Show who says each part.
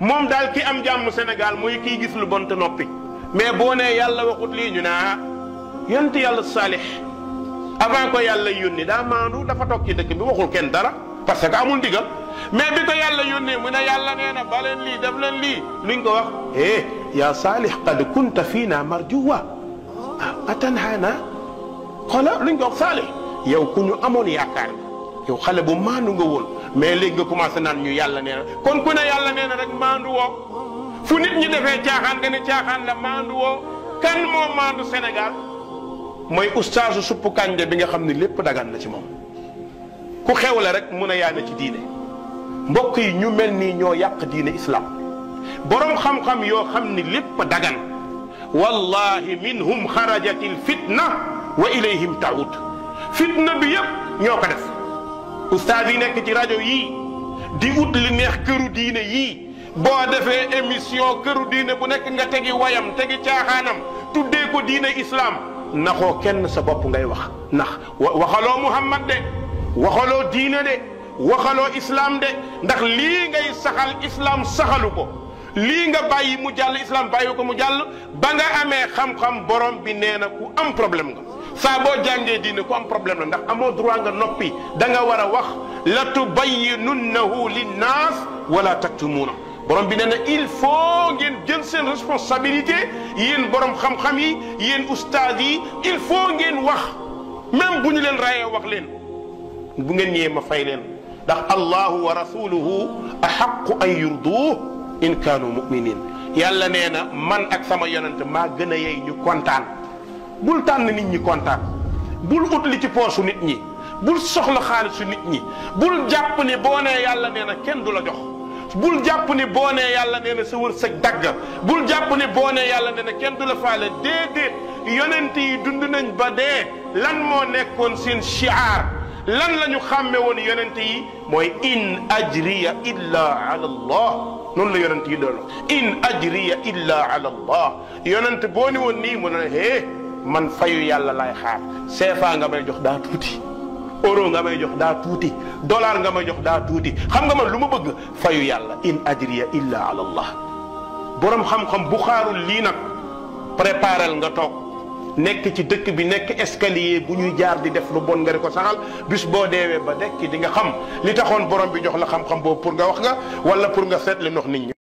Speaker 1: moom daal ki am jàmm Sénégal mooy kiy gis lu bon te noppi mais boo nee yàlla waxut lii ñu naa ah, yont yàlla saalix avant ko yàlla yónni daa maandu dafa toog ci dëkk bi waxul kenn dara parce que amul ndigal mais bi ko yàlla yónnee mu ne yàlla nee na ba leen lii def leen lii luñ ko wax eh yaa saalix qad kunta fii naa marjuwa ah, atanhaana xoola luñ ko wax saalix yow ku ñu amoon yaakaar yow xale bu maandu nga woon mais léegi nga commencé naan ñu yàlla nee na kon ku ne rek maandu woo fu nit ñi defee caaxaan la kan mo mandu Sénégal moy ustaasu suppu kànja bi nga xam ne dagan na ci moom ku xew la rek muna a ci diine mbokk yi ñu islam borom xam-xam yoo xam ni dagan wallahi minhum kharajatil fitna wa ilayhim taud fitna bi yépp ñoo def ustaas yi nekk ci rajo yii di ut li neex këru diine yii boo defee émission këru diine bu nekk nga tegi wayam tegi caaxaanam tuddee ko diine islaam naxoo kenn sa bopp ngay wax ndax waxaloo muhammad de waxaloo diine de waxaloo islaam de ndax lii ngay saxal islaam saxalu ko lii nga bàyyi mu jàll islaam bàyyi ko mu jàll ba nga amee xam-xam borom bi nee na ku am problème nga saa boo jàngee diine ku am problème la ndax amoo droit nga noppi da nga war a wax la tubayyinunnahu linnaas wala taktumuuna borom bi nee il faut ngeen jël seen responsabilité yéen borom xam-xam yi yéen ustaaz yi il faut ngeen wax même bu ñu leen rayee wax leen bu ngeen ñëwee ma fay leen ndax allahu wa a axaqu an yurduuh in kaanu muminin yàlla nee na man ak sama yonent maa gën a yey ñu kontaan bul tan nit ñi kontaan bul ut li ci poche nit ñi bul soxla xaalisu nit ñi bul jàpp ni boone yàlla neena kenn du la jox bul jàpp ni boone nee yàlla nee na sa wërsëg dagg bul jàpp ni boone yàlla neena kenn du la faale déedéet yonent yi dund nañ ba de lan mo nekkon seen shiar lan lañu xamé won yonent yi moy in ajriya illa ala allah non la yonent yi doon in ajriya illa ala allah yonent boone won ni mo na he man fayu yàlla lay xaar CFA nga may jox daa tuuti euro nga may jox daa tuuti dollar nga may jox daa tuuti xam nga man lu ma bëgg fayu yàlla in ajriya illa ala allah borom xam-xam bu xaarul lii nag préparel nga toog nekk ci dëkk bi nekk escalier bu ñuy jaar di def lu bon nga di ko saxal bis boo deewee ba dekki di nga xam li taxoon borom bi jox la xam-xam boobu pour nga wax nga wala pour nga seetli ndox nit ñi.